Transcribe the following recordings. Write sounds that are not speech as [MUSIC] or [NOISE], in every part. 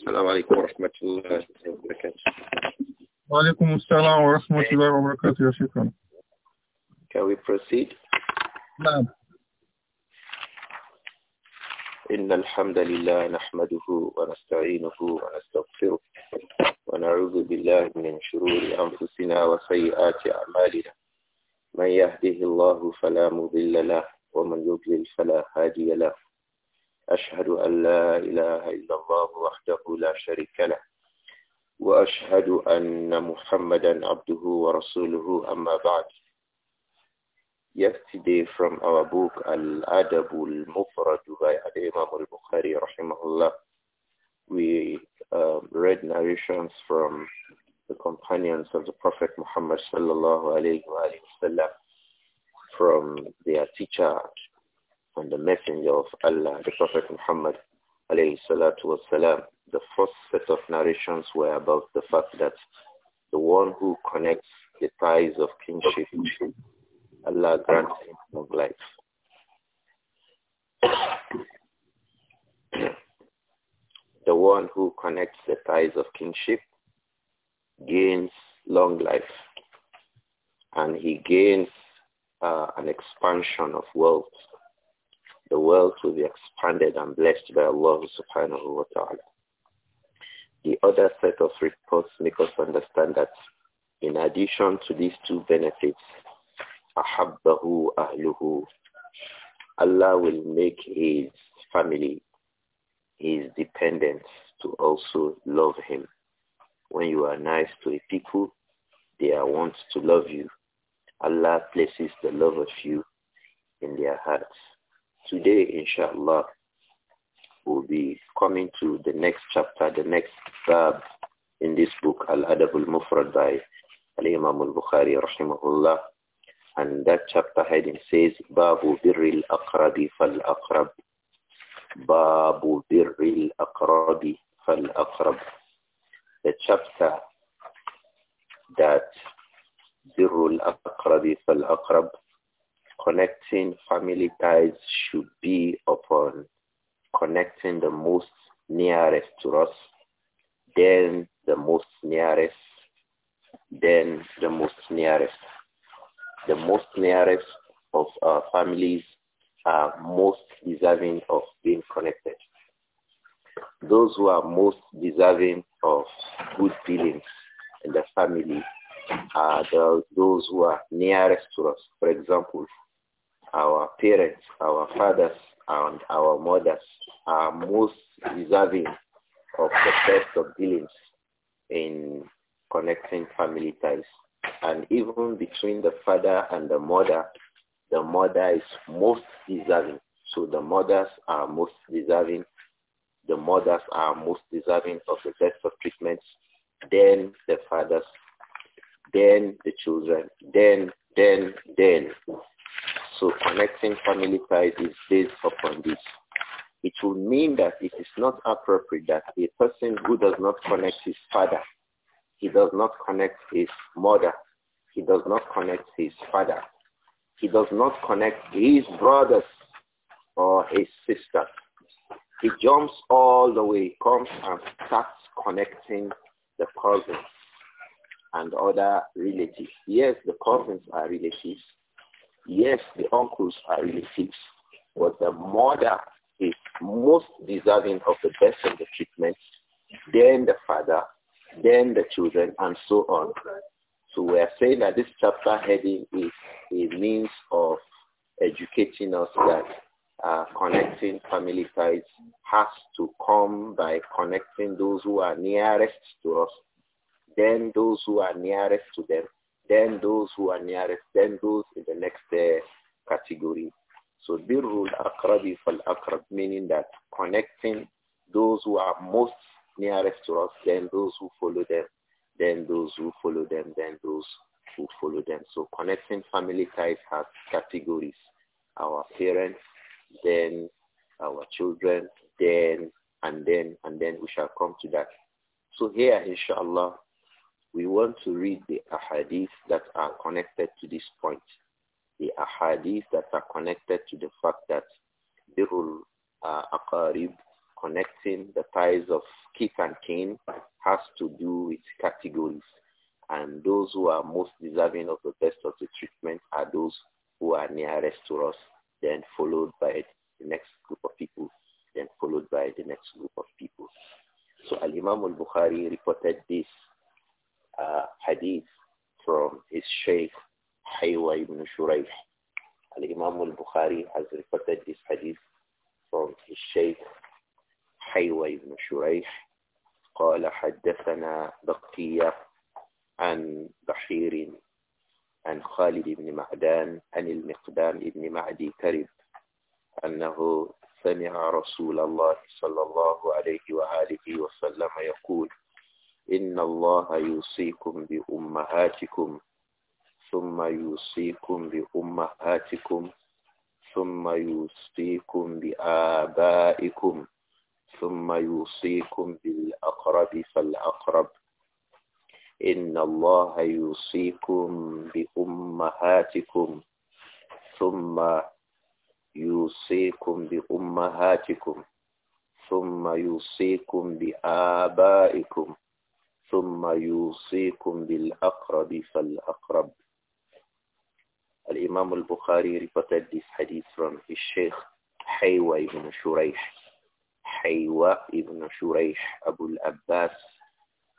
السلام عليكم ورحمة الله وبركاته وعليكم السلام ورحمة الله وبركاته يا شيخنا Can we proceed? نعم إن الحمد لله نحمده ونستعينه ونستغفره ونعوذ بالله من شرور أنفسنا وسيئات أعمالنا من يهده الله فلا مضل له ومن يضلل فلا هادي له أشهد أن لا إله إلا الله وحده لا شريك له وأشهد أن محمدا عبده ورسوله أما بعد Yesterday from our book Al-Adab al-Mufrad by Imam al-Bukhari rahimahullah we um, read narrations from the companions of the Prophet Muhammad sallallahu alayhi wa sallam from their teacher from the messenger of Allah, the Prophet Muhammad, alayhi the first set of narrations were about the fact that the one who connects the ties of kingship, Allah grants him long life. [COUGHS] the one who connects the ties of kingship gains long life and he gains uh, an expansion of wealth the world will be expanded and blessed by Allah subhanahu wa ta'ala. The other set of reports make us understand that in addition to these two benefits, أَحَبَّهُ أَهْلُهُ Allah will make his family, his dependents to also love him. When you are nice to a people, they are want to love you. Allah places the love of you in their hearts. Today, inshallah, we'll be coming to the next chapter, the next verb in this book, Al-Adab al-Mufrad by Al-Imam al-Bukhari, rahimahullah. And that chapter heading says, Babu birri al-aqrabi fal-aqrab. Babu birri al-aqrabi fal-aqrab. The chapter that birru al-aqrabi fal-aqrab connecting family ties should be upon connecting the most nearest to us, then the most nearest, then the most nearest. The most nearest of our families are most deserving of being connected. Those who are most deserving of good feelings in the family are the, those who are nearest to us. For example, our parents, our fathers, and our mothers are most deserving of the best of dealings in connecting family ties. And even between the father and the mother, the mother is most deserving. So the mothers are most deserving. The mothers are most deserving of the best of treatments. Then the fathers, then the children, then, then, then. So connecting family ties is based upon this. It will mean that it is not appropriate that a person who does not connect his father, he does not connect his mother, he does not connect his father, he does not connect his brothers or his sisters. He jumps all the way, comes and starts connecting the cousins and other relatives. Yes, the cousins are relatives, Yes, the uncles are relatives, but the mother is most deserving of the best of the treatment, then the father, then the children, and so on. So we are saying that this chapter heading is a means of educating us that uh, connecting family ties has to come by connecting those who are nearest to us, then those who are nearest to them, then those who are nearest, then those in the next uh, category. So birrul akrabi fal akrab, meaning that connecting those who are most nearest to us, then those who follow them, then those who follow them, then those who follow them. So connecting family ties has categories. Our parents, then our children, then, and then, and then we shall come to that. So here, inshallah, we want to read the ahadith that are connected to this point. The ahadith that are connected to the fact that birul uh, aqarib, connecting the ties of kith and kin, has to do with categories. And those who are most deserving of the best of the treatment are those who are nearest to us, then followed by the next group of people, then followed by the next group of people. So Al-Imam al-Bukhari reported this uh, hadith from his Shaykh Haywa ibn Shurayh. Al-Imam al-Bukhari has reported this hadith from his Shaykh Haywa ibn Shurayh. قال حدثنا بقية عن بحير عن خالد بن معدان عن المقدام بن معدي كرب أنه سمع رسول الله صلى الله عليه وآله وسلم يقول إن الله يوصيكم بأمهاتكم ثم يوصيكم بأمهاتكم ثم يوصيكم بآبائكم ثم يوصيكم بالأقرب فالأقرب إن الله يوصيكم بأمهاتكم ثم يوصيكم بأمهاتكم ثم يوصيكم بآبائكم ثم يوصيكم بالأقرب فالأقرب الإمام البخاري reported this hadith from his sheikh حيوى ibn شريح حيوى ابن شريح أبو الأباس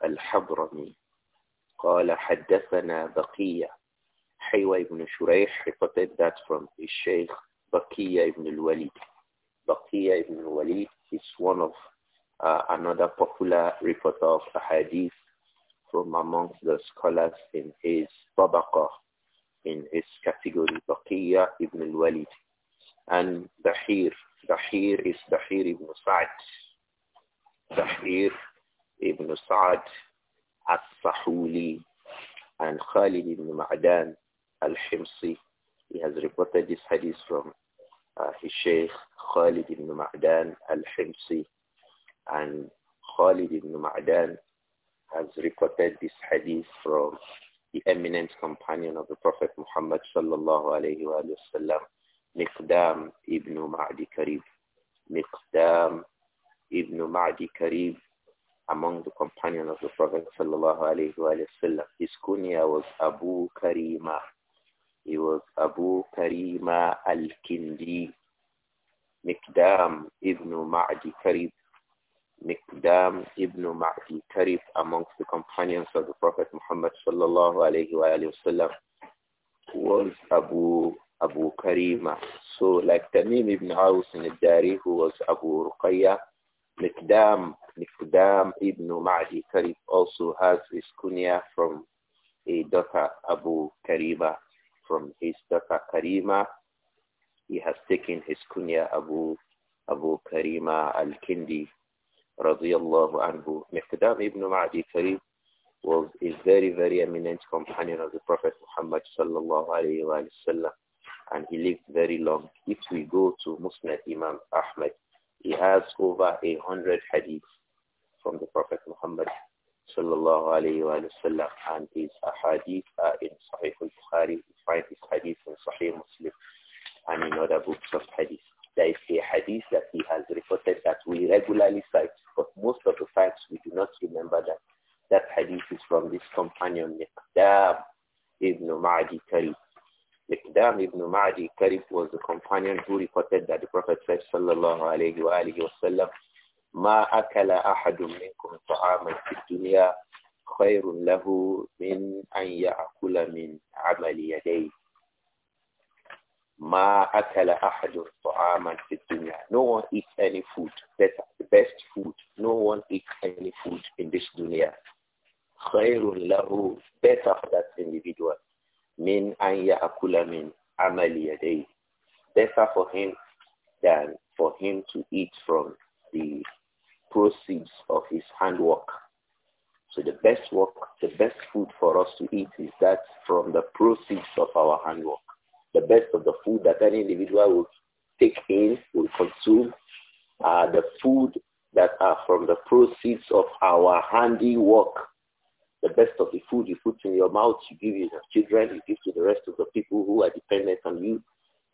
الحضرمي قال حدثنا بقية حيوى ابن شريح reported that from his sheikh بقية ابن الوليد بقية ابن الوليد is one of uh, another popular reporter of the hadith from amongst the scholars in his tabaqah, in his category, Baqiyya ibn al-Walid. And Dahir, Dahir is Dahir ibn Sa'd. Dahir ibn Sa'd al-Sahuli and Khalid ibn Ma'dan al-Himsi. He has reported this hadith from uh, his Sheikh Khalid ibn Ma'dan al-Himsi and Khalid ibn Ma'dan has reported this hadith from the eminent companion of the Prophet Muhammad sallallahu alayhi wa sallam, Miqdam ibn Ma'di Karib. Miqdam ibn Ma'di Karib among the companion of the Prophet sallallahu alayhi wa sallam. His kunya was Abu Karima. He was Abu Karima al-Kindi. Miqdam ibn Ma'di Karib Miqdam ibn Ma'di Karib amongst the companions of the Prophet Muhammad sallallahu alayhi wa, sallam, was Abu Abu Karima. So like Tamim ibn Aus in Dari who was Abu Ruqayya, Miqdam, Miqdam ibn Ma'di Karib also has his kunya from a daughter Abu Karima. From his daughter Karima, he has taken his kunya Abu Abu Karima al-Kindi radiallahu anhu. Miqdam ibn Ma'di Karib was a very, very eminent companion of the Prophet Muhammad sallallahu alayhi wa sallam. And he lived very long. If we go to Musnad Imam Ahmad, he has over a hundred hadiths from the Prophet Muhammad sallallahu alayhi wa sallam. And his hadith are in Sahih al-Bukhari. You find his hadith in Sahih Muslim and in other books of hadith. There is a hadith that he has reported that we regularly cite, but most of the facts we do not remember that. That hadith is from this companion, Miqdam ibn Ma'adi Karib. Miqdam ibn Ma'adi Karib was the companion who reported that the Prophet said, Sallallahu alayhi wa alayhi wa sallam, ما أكل أحد منكم طعاما في الدنيا خير له من أن يأكل من عمل يديه Ma akala ahadun ta'aman fi dunya. No one eats any food better, the best food. No one eats any food in this dunya. Khairun lahu, better for that individual. Min an ya'akula min amali Better for him than for him to eat from the proceeds of his handwork. So the best work, the best food for us to eat is that from the proceeds of our handwork best of the food that any individual will take in, will consume, the food that are from the proceeds of our handiwork. The best of the food you put in your mouth, you give to your children, you give to the rest of the people who are dependent on you,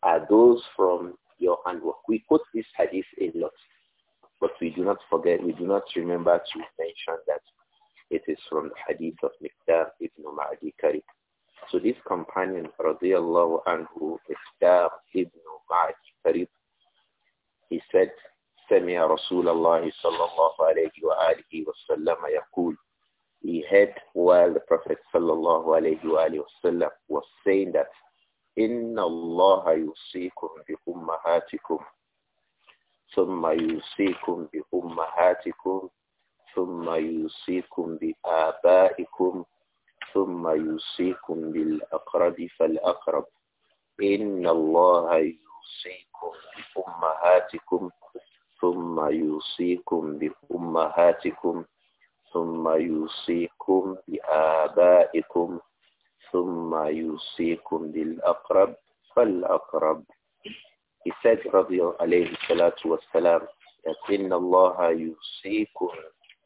are those from your handwork. We quote this hadith a lot, but we do not forget, we do not remember to mention that it is from the hadith of Miqdar ibn Ma'adi Karim. So this companion, radiallahu anhu, Mukhtar ابن معك Karib. He said, سمع رسول الله صلى الله عليه وآله وسلم يقول He heard while the Prophet صلى الله عليه وآله وسلم was saying that إن الله يوصيكم بأمهاتكم ثم يوصيكم بأمهاتكم ثم يوصيكم بآبائكم ثم يوصيكم بالأقرب فالأقرب إن الله يوصيكم بأمهاتكم ثم يوصيكم بأمهاتكم ثم يوصيكم بآبائكم ثم يوصيكم بالأقرب فالأقرب He said رضي عليه الصلاة والسلام that إن الله يوصيكم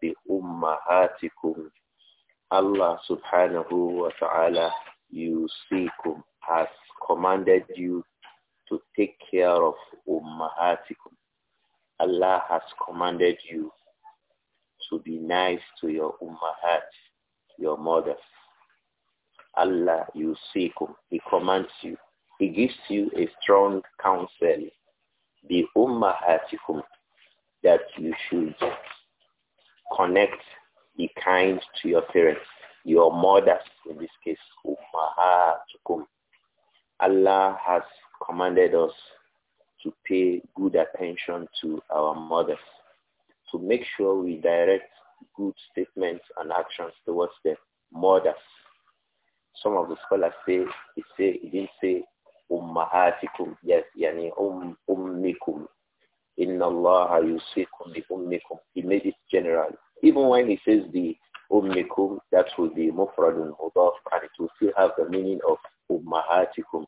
بأمهاتكم Allah subhanahu wa ta'ala yusikum has commanded you to take care of ummahatikum. Allah has commanded you to be nice to your ummahat, your mothers. Allah you yusikum. He commands you. He gives you a strong counsel. The ummahatikum that you should connect, be kind to your parents, your mothers in this case, ummahatikum. Allah has commanded us to pay good attention to our mothers, to make sure we direct good statements and actions towards the mothers. Some of the scholars say, he, say, he didn't say, ummahatikum, yes, yani um, ummikum. Inna Allah yusikum bi ummikum. He made it general. Even when he says the ummikum, that will be mufradun mudaf, and it will still have the meaning of ummahatikum.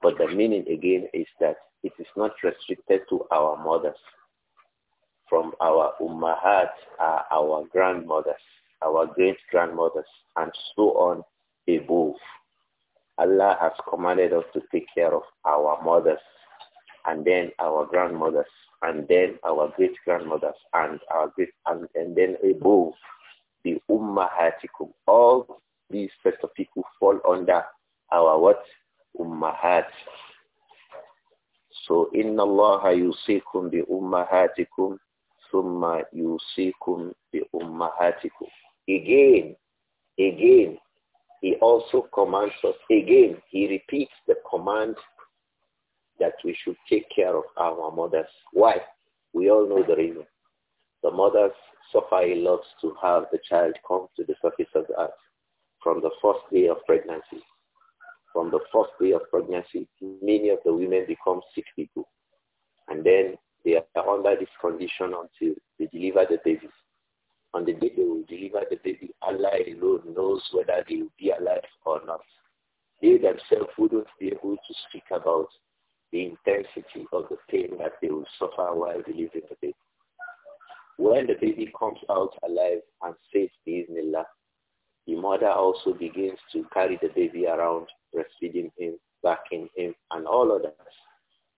But the meaning again is that it is not restricted to our mothers. From our ummahat are our grandmothers, our great-grandmothers, and so on above. Allah has commanded us to take care of our mothers, and then our grandmothers, and then our great-grandmothers, and our great, and, and then above bi ummahatikum. All these sets of people fall under our what? Ummahat. So inna Allah yusikum bi ummahatikum thumma yusikum bi ummahatikum. Again, again, he also commands us. Again, he repeats the command that we should take care of our mothers. Why? We all know the reason. The mothers suffer loves to have the child come to the surface of the earth from the first day of pregnancy. From the first day of pregnancy, many of the women become sick people. And then they are under this condition until they deliver the baby. On the day they will deliver the baby, Allah alone knows whether they will be alive or not. They themselves wouldn't be able to speak about the intensity of the pain that they will suffer while delivering the baby. When the baby comes out alive and safe, Bismillah, the mother also begins to carry the baby around, breastfeeding him, backing him, and all others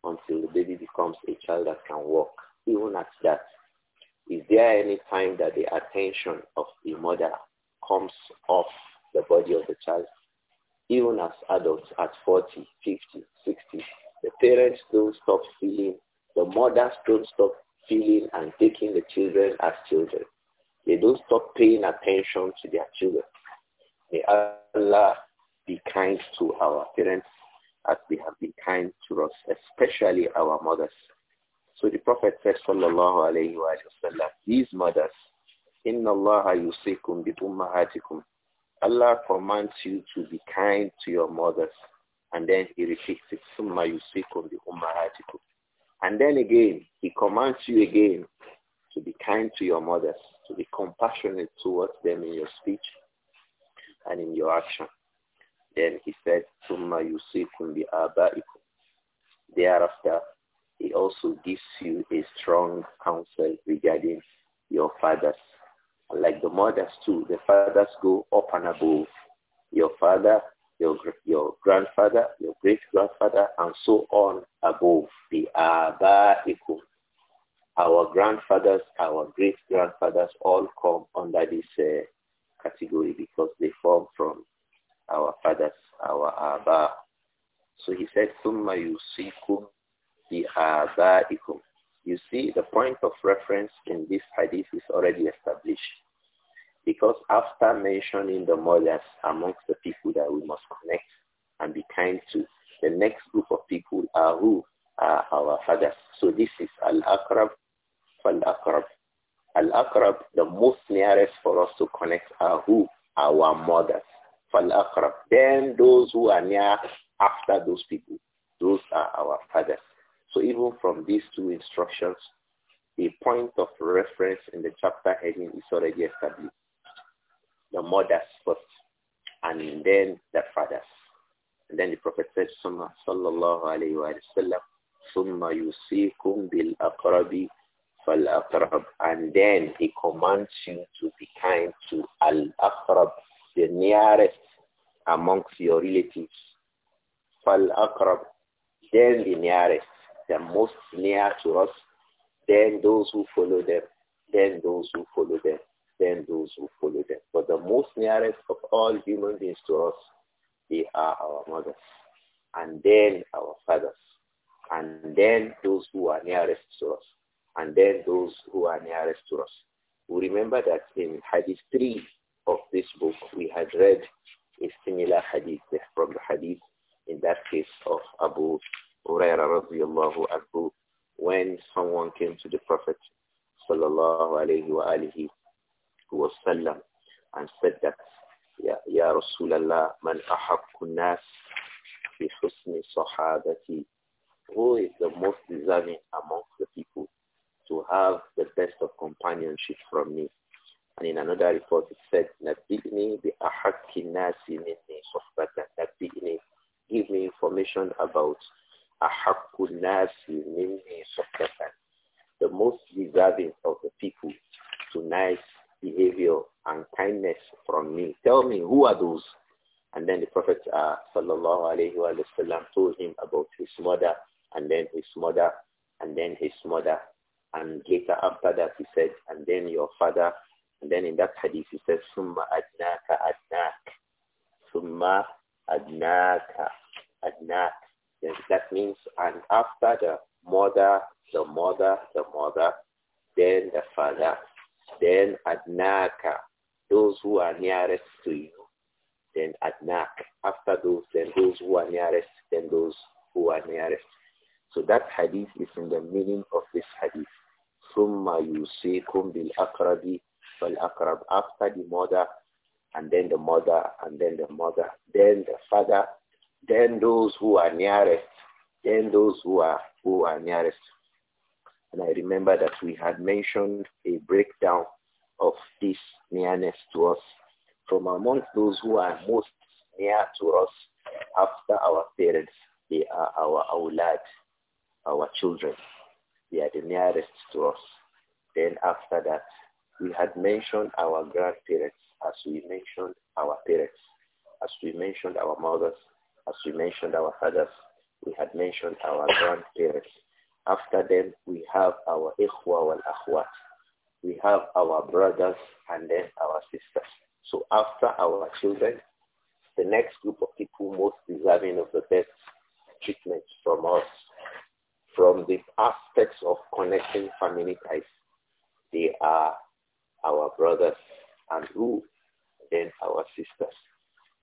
until the baby becomes a child that can walk. Even at that, is there any time that the attention of the mother comes off the body of the child? Even as adults at 40, 50, 60, the parents don't stop feeling, the mothers don't stop Feeling and taking the children as children. They don't stop paying attention to their children. May Allah be kind to our parents as they have been kind to us, especially our mothers. So the Prophet says, Sallallahu Alaihi Wasallam, these mothers, Inna Allah yusikum bi Allah commands you to be kind to your mothers. And then he repeats it, Summa yusikum bi and then again, he commands you again to be kind to your mothers, to be compassionate towards them in your speech and in your action. Then he said, Summa yusikum bi abaikum. Thereafter, he also gives you a strong counsel regarding your fathers. Like the mothers too, the fathers go up and above. Your father your, your grandfather, your great-grandfather, and so on above. The ikum. Our grandfathers, our great-grandfathers all come under this uh, category because they form from our fathers, our Aba. So he said, Summa yusikum bi ikum." You see, the point of reference in this hadith is already established. Because after mentioning the mothers amongst the people that we must connect and be kind to, the next group of people are who are our fathers. So this is Al-Akrab Fal-Akrab. Al-Akrab, the most nearest for us to connect are who? Our mothers. Fal-Akrab. Then those who are near after those people, those are our fathers. So even from these two instructions, a point of reference in the chapter heading is already established the mothers first, and then the fathers. And then the Prophet said, Sallallahu alayhi wa sallam, bil يُسِيكُمْ fal فَالْأَقْرَبِ And then he commands you to be kind to Al-Aqrab, the nearest amongst your relatives. فَالْأَقْرَبِ Then the nearest, the most near to us, then those who follow them, then those who follow them then those who follow them. But the most nearest of all human beings to us, they are our mothers, and then our fathers, and then those who are nearest to us, and then those who are nearest to us. We remember that in Hadith 3 of this book, we had read a similar hadith from the hadith, in that case of Abu Huraira radiallahu anhu, when someone came to the Prophet sallallahu alayhi wa alihi wasallam and said that, Ya, ya Rasulallah, man ahabku nas bi husni sahabati. Who is the most deserving amongst the people to have the best of companionship from me? And in another report it said, Nabigni bi ahakki nasi minni sohbatan. Nabigni, give me information about ahakku nasi minni me, who are those? And then the Prophet uh, sallallahu alayhi wa sallam told him about his mother and then his mother and then his mother. And later after that he said, and then your father. And then in that hadith he said, summa adnaka adnak. Summa adnaka adnak. that means, and after the mother, the mother, the mother, then the father, then adnaka, those who are nearest hadith is in the meaning of this hadith. ثُمَّ يُوسِيكُمْ بِالْأَقْرَبِ فَالْأَقْرَبِ After the mother, and then the mother, and then the mother, then the father, then those who are nearest, then those who are, who are nearest. And I remember that we had mentioned a breakdown of this nearness to us from amongst those who are most near to us after our children. They are the nearest to us. Then after that, we had mentioned our grandparents as we mentioned our parents, as we mentioned our mothers, as we mentioned our fathers, we had mentioned our grandparents. After them, we have our ikhwa wal akhwat. We have our brothers and then our sisters. So after our children, the next connecting family ties. They are our brothers and who then our sisters.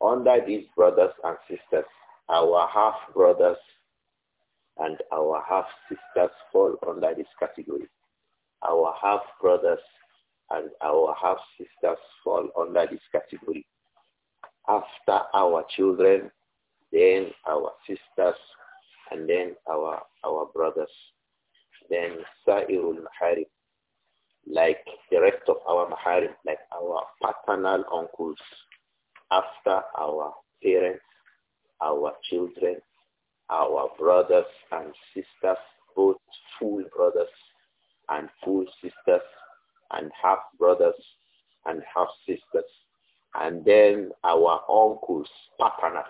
Under these brothers and sisters, our half brothers and our half sisters fall under this category. Our half brothers and our half sisters fall under this category. After our children, then our sisters, and then our, our brothers then Sa'irul Maharim, like the rest of our Maharim, like our paternal uncles, after our parents, our children, our brothers and sisters, both full brothers and full sisters and half brothers and half sisters. And then our uncles, paternal.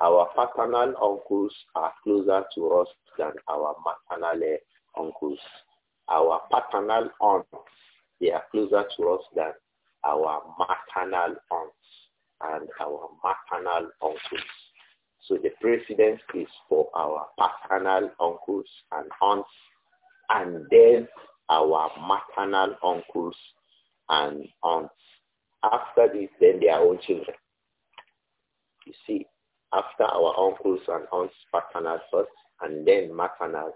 Our paternal uncles are closer to us than our maternal eh, uncles, our paternal aunts, they are closer to us than our maternal aunts and our maternal uncles. So the precedence is for our paternal uncles and aunts and then our maternal uncles and aunts. After this, then their own children. You see, after our uncles and aunts, paternal first, and then maternal,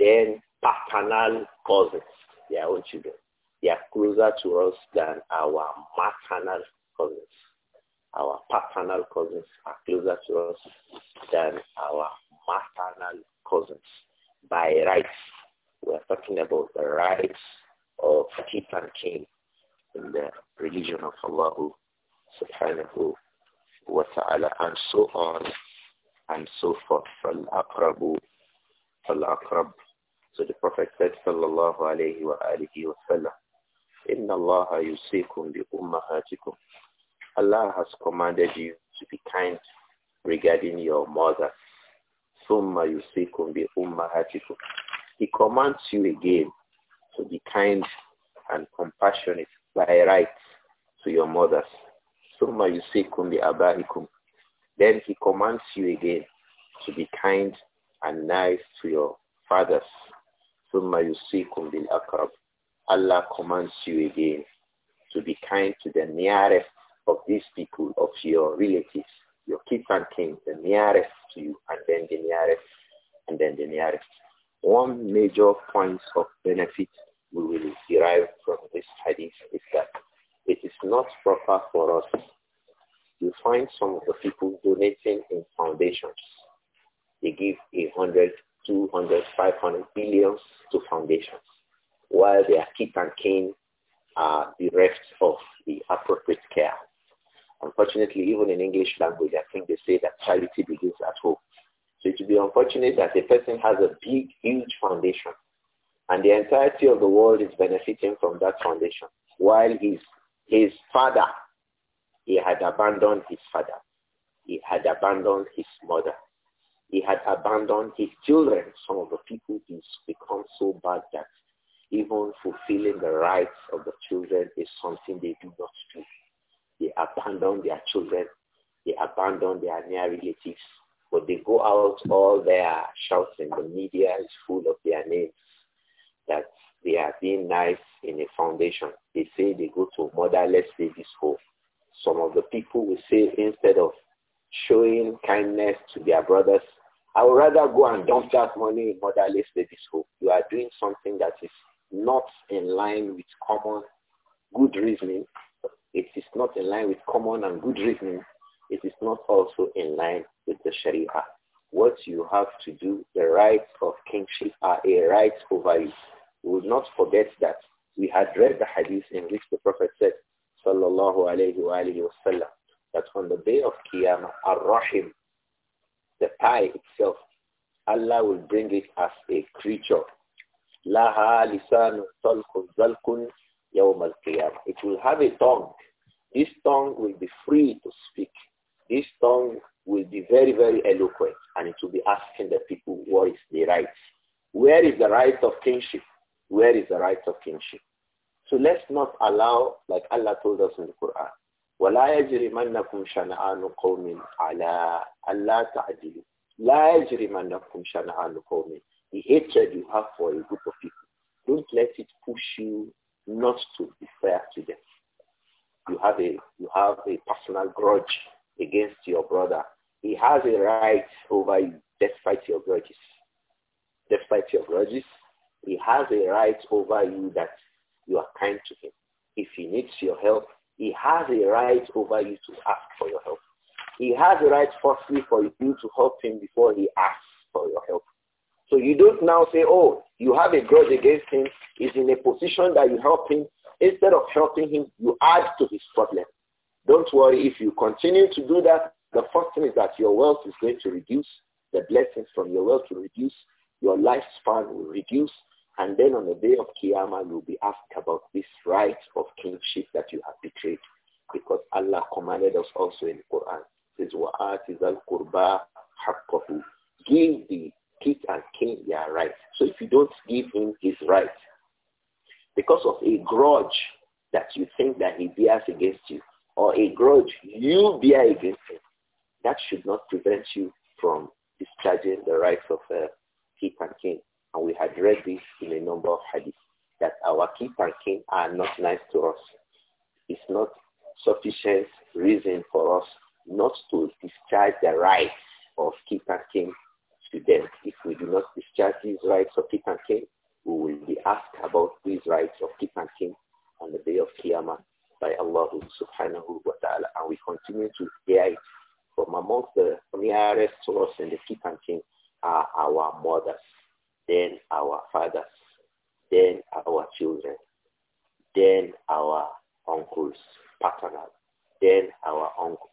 then paternal cousins, their own children. They are closer to us than our maternal cousins. Our paternal cousins are closer to us than our maternal cousins by rights. We're talking about the rights of king and king in the religion of Allah subhanahu wa ta'ala and so on and so forth. فَالْأَقْرَبُ فَالْأَقْرَبُ so the Prophet said, sallallahu alayhi wa alihi wa sallam, Inna Allah yusikum bi ummahatikum. Allah has commanded you to be kind regarding your mother. Summa yusikum bi ummahatikum. He commands you again to be kind and compassionate by right to your mothers. Summa yusikum bi abahikum. Then he commands you again to be kind and nice to your fathers ثُمَّ يُسِيكُمْ بِالْأَقْرَبِ Allah commands you again to be kind to the nearest of these people, of your relatives, your kids and kin, the nearest to you, and then the nearest, and then the nearest. One major point of benefit we will derive from this hadith is that it is not proper for us. You find some of the people donating in foundations. They give a hundred 200, 500 billions to foundations, while their kit and cane are bereft of the appropriate care. Unfortunately, even in English language, I think they say that charity begins at home. So it would be unfortunate that a person has a big, huge foundation, and the entirety of the world is benefiting from that foundation, while his, his father, he had abandoned his father. He had abandoned his mother he had abandoned his children. Some of the people he's become so bad that even fulfilling the rights of the children is something they do not do. They abandon their children. They abandon their near relatives. But they go out all their shouting. The media is full of their names that they are being nice in a foundation. They say they go to motherless babies home. Some of the people will say instead of showing kindness to their brothers I would rather go and dump that money in motherless baby. home. You are doing something that is not in line with common good reasoning. It is not in line with common and good reasoning. It is not also in line with the Sharia. What you have to do, the rights of kingship are a right over you. We will not forget that we had read the hadith in which the Prophet said, Sallallahu Alaihi Wasallam, that on the day of Qiyamah, Ar-Rahim, the pie itself, Allah will bring it as a creature. Laha zalkun It will have a tongue. This tongue will be free to speak. This tongue will be very, very eloquent and it will be asking the people what is the right. Where is the right of kingship? Where is the right of kingship? So let's not allow, like Allah told us in the Quran, ولا يجرمنكم شنآن قوم على ألا تعدلوا لا يجرمنكم شنآن قوم The hatred you have for a group of people, don't let it push you not to be fair to them. You have a you have a personal grudge against your brother. He has a right over you despite your grudges. Despite your grudges, he has a right over you that you are kind to him. If he needs your help, he has a right over you to ask for your help. He has a right firstly for you to help him before he asks for your help. So you don't now say, oh, you have a grudge against him. He's in a position that you help him. Instead of helping him, you add to his problem. Don't worry. If you continue to do that, the first thing is that your wealth is going to reduce. The blessings from your wealth will reduce. Your lifespan will reduce. And then on the day of Qiyamah, you'll be asked about this right of kingship that you have betrayed. Because Allah commanded us also in the Quran. It says, Wa Give the king and king their right. So if you don't give him his right, because of a grudge that you think that he bears against you, or a grudge you bear against him, that should not prevent you from discharging the rights of uh, king and king. And we had read this in a number of hadiths, that our king and king are not nice to us. It's not sufficient reason for us not to discharge the rights of king and king to them. If we do not discharge these rights of king and king, we will be asked about these rights of king and king on the day of Qiyamah by Allah subhanahu wa ta'ala. And we continue to hear it from amongst the nearest to us and the keep and king are our mothers then our fathers, then our children, then our uncles, paternal, then our uncles.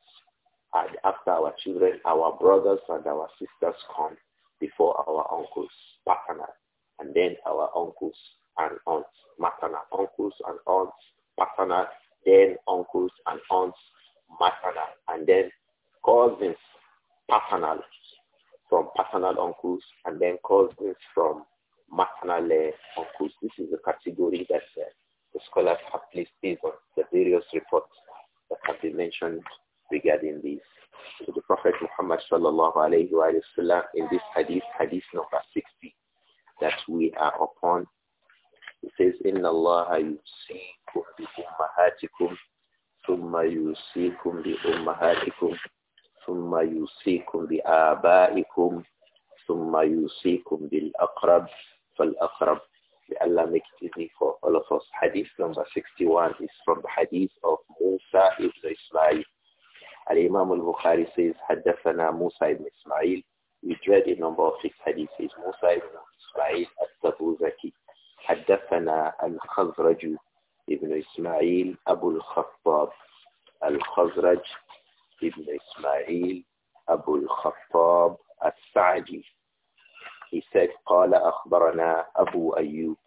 And after our children, our brothers and our sisters come before our uncles, paternal, and then our uncles and aunts, maternal, uncles and aunts, paternal, then uncles and aunts, maternal, and then cousins, paternal from paternal uncles and then cousins from maternal uh, uncles. This is the category that uh, the scholars have placed based on the various reports that have been mentioned regarding this. So the Prophet Muhammad sallallahu alayhi wa sallam in this hadith, hadith number 60, that we are upon, it says, إِنَّ اللَّهَ يُسِيكُمْ بِأُمَّهَاتِكُمْ ثُمَّ يُسِيكُمْ بِأُمَّهَاتِكُمْ ثم يوصيكم بآبائكم ثم يوصيكم بالأقرب فالأقرب لألا مكتبني for all of us حديث number 61 is from the hadith of موسى ابن إسماعيل الإمام البخاري says حدثنا موسى ابن إسماعيل we read in number of six hadiths موسى ابن إسماعيل التبوزكي حدثنا الخزرج ابن إسماعيل أبو الخطاب الخزرج ibn Ismail Abu al-Khattab al-Sa'di. He said, قال أخبرنا أبو أيوب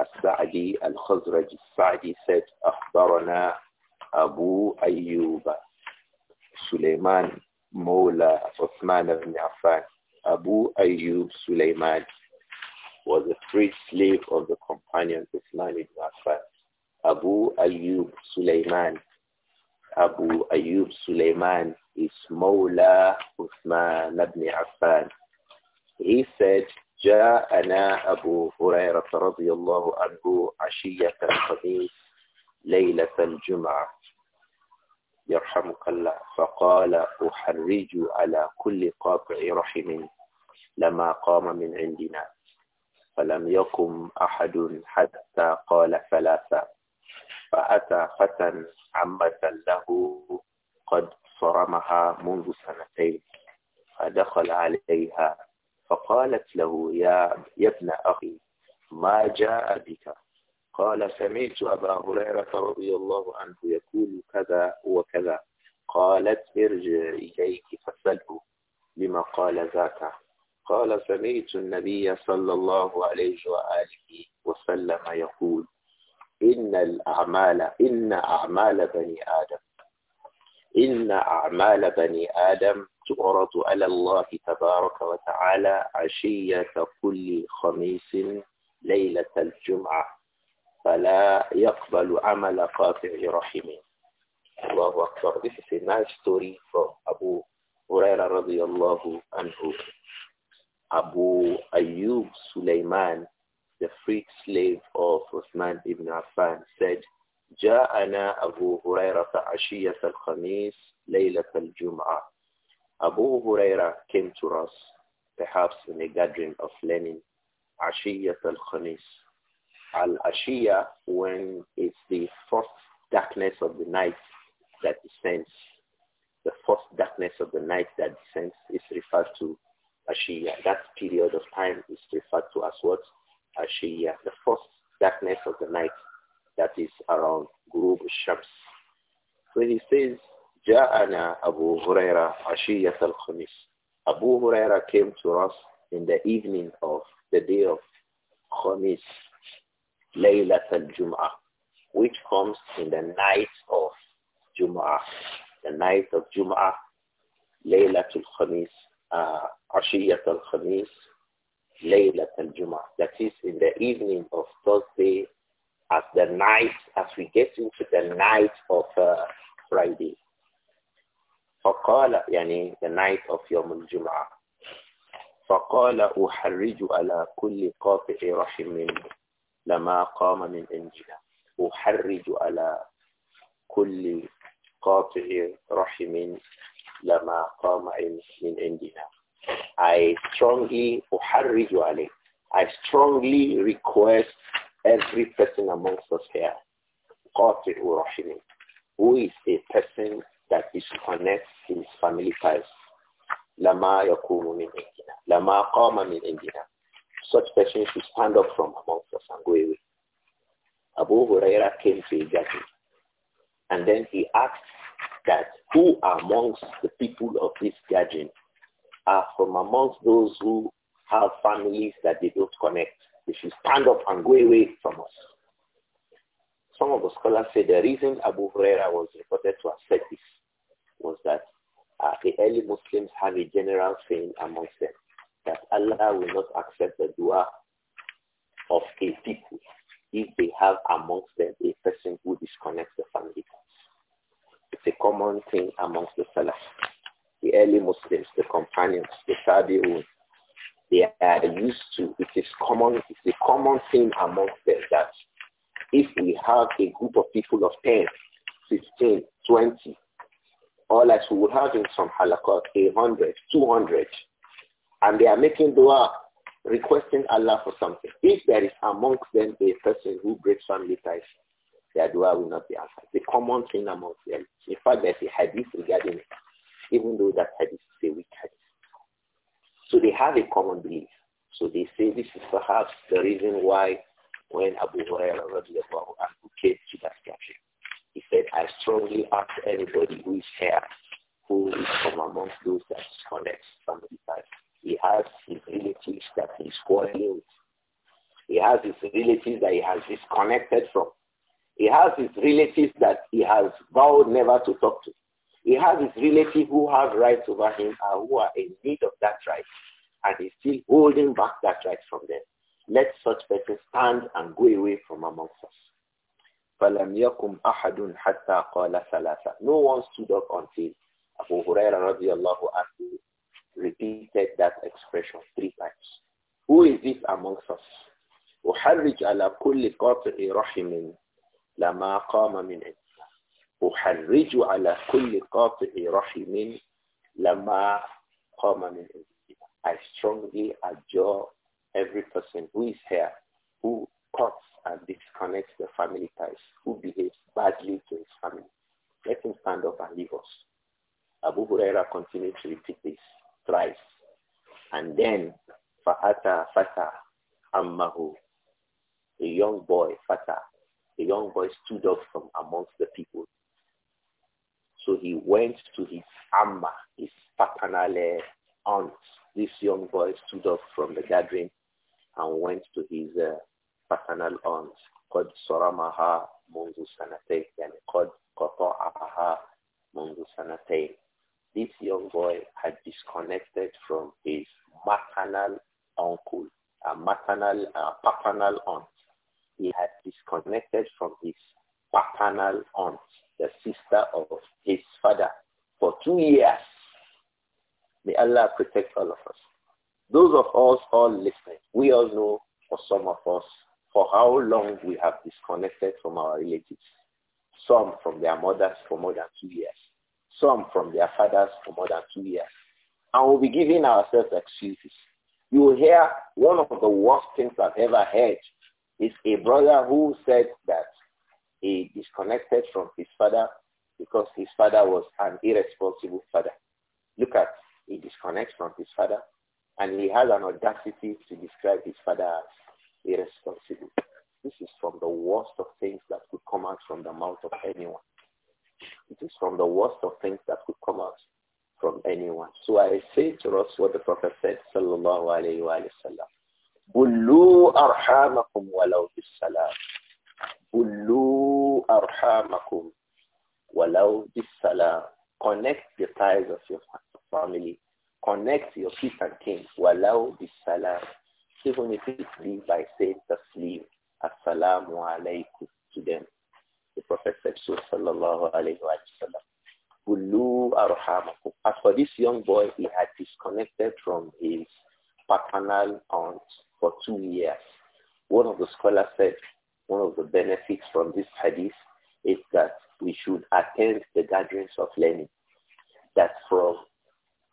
السعدي الخزرج السعدي said أخبرنا أبو أيوب سليمان مولى عثمان بن عفان Abu Ayyub Sulaiman was a freed slave of the companion Uthman ibn Affan. Abu Ayyub Sulaiman Abu Ayub Suleiman is Mawla Uthman ibn Affan. He said, جاءنا أبو هريرة رضي الله عنه عشية الخميس ليلة الجمعة يرحمك الله فقال أحرج على كل قاطع رحم لما قام من عندنا فلم يقم أحد حتى قال ثلاثة فأتى فتى عمة له قد صرمها منذ سنتين فدخل عليها فقالت له يا, يا ابن أخي ما جاء بك قال سمعت أبا هريرة رضي الله عنه يقول كذا وكذا قالت ارجع إليك فاسأله لما قال ذاك قال سمعت النبي صلى الله عليه وآله وسلم يقول إن الأعمال إن أعمال بني آدم إن أعمال بني آدم تعرض على الله تبارك وتعالى عشية كل خميس ليلة الجمعة فلا يقبل عمل قاطع رحم الله أكبر This is a nice story for Abu Huraira رضي الله عنه Abu Ayyub Sulaiman the freed slave of Uthman ibn Affan said, جاءنا أبو هريرة عشية الخميس ليلة الجمعة. Abu Huraira came to us, perhaps in a gathering of learning, 'Ashiyat الخميس. Al-Ashiya, when it's the first darkness of the night that descends, the first darkness of the night that descends is referred to Ashiya. That period of time is referred to as what? Ashiya, uh, the first darkness of the night that is around group Shams. So he says, Ja'ana Abu Huraira Ashiyat al-Khamis. Abu Huraira came to us in the evening of the day of Khamis, Laylat al-Jum'ah, which comes in the night of Jum'ah. The night of Jum'ah, Laylat al-Khamis, uh, al-Khamis, Laylat al-Jum'ah. That is in the evening of Thursday as the night, as we get into the night of uh, Friday. فقال يعني the night of يوم الجمعة فقال أحرج على كل قاطع رحم منه لما قام من إنجله أحرج على كل قاطع رحم لما قام من إنجله I strongly uharriju alayh. I strongly request every person amongst us here, qati'u who is a person that disconnects his family ties. Lama yakumu min indina. Lama kama Such person should stand up from amongst us and go away. Abu Huraira came to a and then he asked that who amongst the people of this gathering are from amongst those who have families that they don't connect. They should stand up and go away from us. Some of the scholars say the reason Abu Huraira was reported to have said this was that uh, the early Muslims have a general saying amongst them that Allah will not accept the dua of a people if they have amongst them a person who disconnects the family. It's a common thing amongst the scholars the early Muslims, the companions, the Tabi'un, they are used to, it is common, it's a common thing amongst them that if we have a group of people of 10, 15, 20, or as we would have in some halakot, 800, 200, and they are making dua, requesting Allah for something. If there is amongst them a person who breaks family ties, their dua will not be answered. The common thing amongst them. In fact, there's a hadith regarding it even though that hadith is a weak hadith. So they have a common belief. So they say this is perhaps the reason why when Abu Hurairah came to that he said, I strongly ask anybody who is here, who is from amongst those that disconnects from the past. He has his relatives that he's quarreling with. He has his relatives that he has disconnected from. He has his relatives that he has vowed never to talk to. He has his relatives who have rights over him and who are in need of that right. And he's still holding back that right from them. Let such persons stand and go away from amongst us. فَلَمْ يَكُمْ أَحَدٌ حَتَّى قَالَ ثَلَاثًا No one stood up until Abu Huraira radiallahu anhu repeated that expression three times. Who is this amongst us? أحرج على كل قاطع رحم لما قام من عند أحرج على كل قاطع رحم لما قام من I strongly adjure every person who is here, who cuts and disconnects the family ties, who behaves badly to his family. Let him stand up and leave us. Abu Huraira continued to repeat this thrice. And then, Fa'ata Fata Ammahu, a young boy, Fata, a young boy stood up from amongst the people so he went to his amma, his paternal uh, aunt. This young boy stood up from the gathering and went to his uh, paternal aunt قد صرمها منذ سنتين يعني قد قطعها منذ سنتين This young boy had disconnected from his maternal uncle, a maternal, a paternal aunt. He had disconnected from his paternal aunt the sister of his father for two years. May Allah protect all of us. Those of us all listening, we all know for some of us for how long we have disconnected from our relatives. Some from their mothers for more than two years. Some from their fathers for more than two years. And we'll be giving ourselves excuses. You will hear one of the worst things I've ever heard is a brother who said that he disconnected from his father because his father was an irresponsible father. Look at, he disconnects from his father and he has an audacity to describe his father as irresponsible. This is from the worst of things that could come out from the mouth of anyone. It is from the worst of things that could come out from anyone. So I say to us what the Prophet said, sallallahu alaihi wa sallam. arhamakum أرحامكم ولو Sillu arhamakum walau bisalam. Connect the ties of your family. Connect your kids and kin. Walau bisalam. Even if it be by saying taslim. Assalamu alaikum to them. The Prophet said so, sallallahu alayhi wa sallam. Bulu arhamakum. As for this young boy, he had disconnected from his paternal aunt for two years. One of the scholars said one of the benefits from this hadith is that we should attend the gatherings of learning. That from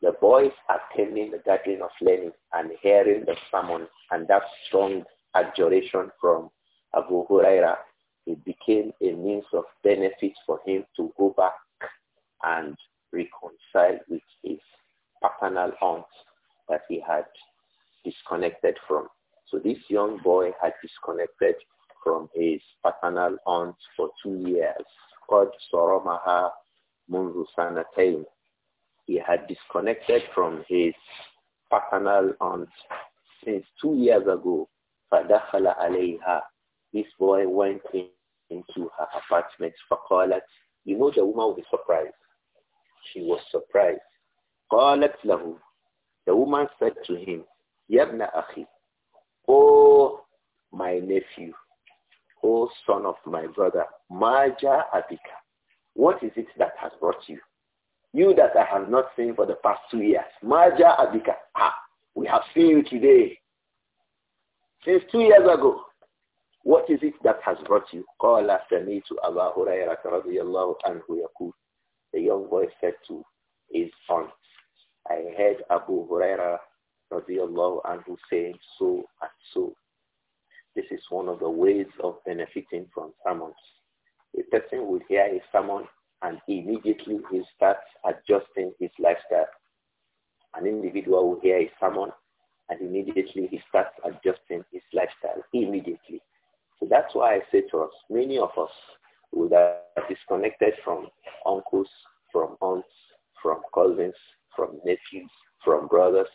the boys attending the gathering of learning and hearing the sermon and that strong adjuration from Abu Huraira, it became a means of benefit for him to go back and reconcile with his paternal aunt that he had disconnected from. So this young boy had disconnected from his paternal aunt for two years. قد صرمها منذ سنتين. He had disconnected from his paternal aunt since two years ago. فدخل عليها. This boy went in, into her apartment. Fakalat. You know the woman will be surprised. She was surprised. قالت lahu. The woman said to him, Yabna Akhi. Oh, my nephew. O son of my brother, Maja Abika, what is it that has brought you? You that I have not seen for the past two years, Maja Abika, ah, we have seen you today. Since two years ago, what is it that has brought you? قال سمعت أبا هريرة رضي الله anhu. The young boy said to his aunt, I heard Abu Huraira رضي anhu saying so and so. This is one of the ways of benefiting from sermons. A person will hear a sermon and immediately he starts adjusting his lifestyle. An individual will hear a sermon and immediately he starts adjusting his lifestyle immediately. So that's why I say to us, many of us would have disconnected from uncles, from aunts, from cousins, from nephews, from brothers,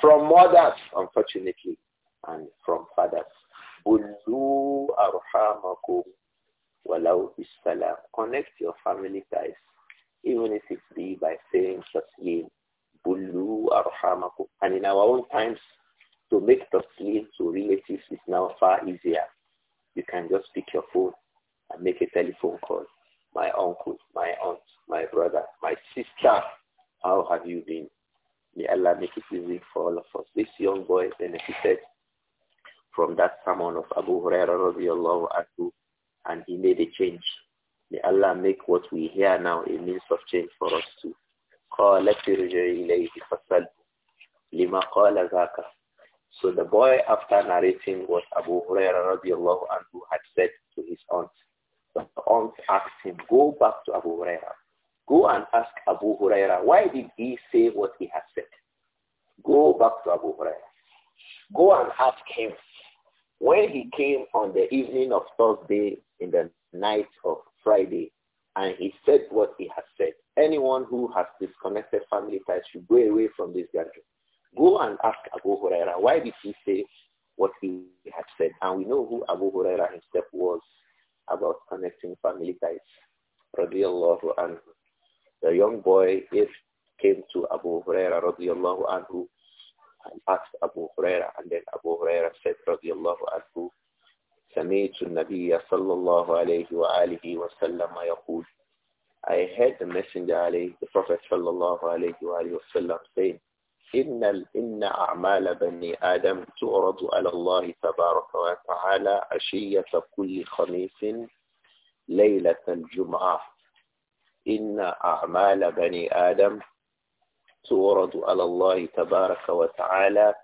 from mothers, unfortunately, and from fathers. Bullu arhamakum walau bisalam. Connect your family ties, even if it be by saying taslim. Bullu arhamakum. And in our own times, to make taslim to relatives is now far easier. You can just pick your phone and make a telephone call. My uncle, my aunt, my brother, my sister, how have you been? May Allah make it easy for all of us. This young boy benefited from that sermon of Abu Hurairah radiallahu anhu, and he made a change. May Allah make what we hear now a means of change for us too. So the boy, after narrating what Abu Hurairah radiallahu anhu had said to his aunt, the aunt asked him, go back to Abu Hurairah. Go and ask Abu Hurairah, why did he say what he had said? Go back to Abu Hurairah. Go and ask him when he came on the evening of Thursday in the night of Friday, and he said what he has said, anyone who has disconnected family ties should go away from this gathering. Go and ask Abu Huraira, why did he say what he had said? And we know who Abu Huraira himself was about connecting family ties. Radiallahu anhu. The young boy, if came to Abu Huraira radiallahu anhu and asked Abu Huraira, and then Abu Huraira said, radiallahu anhu, سمعت النبي صلى الله عليه وآله وسلم يقول I heard the messenger عليه, the prophet صلى الله عليه وآله وسلم saying إن إن أعمال بني آدم تعرض على الله تبارك وتعالى عشية كل خميس ليلة الجمعة إن أعمال بني آدم تورد على الله تبارك وتعالى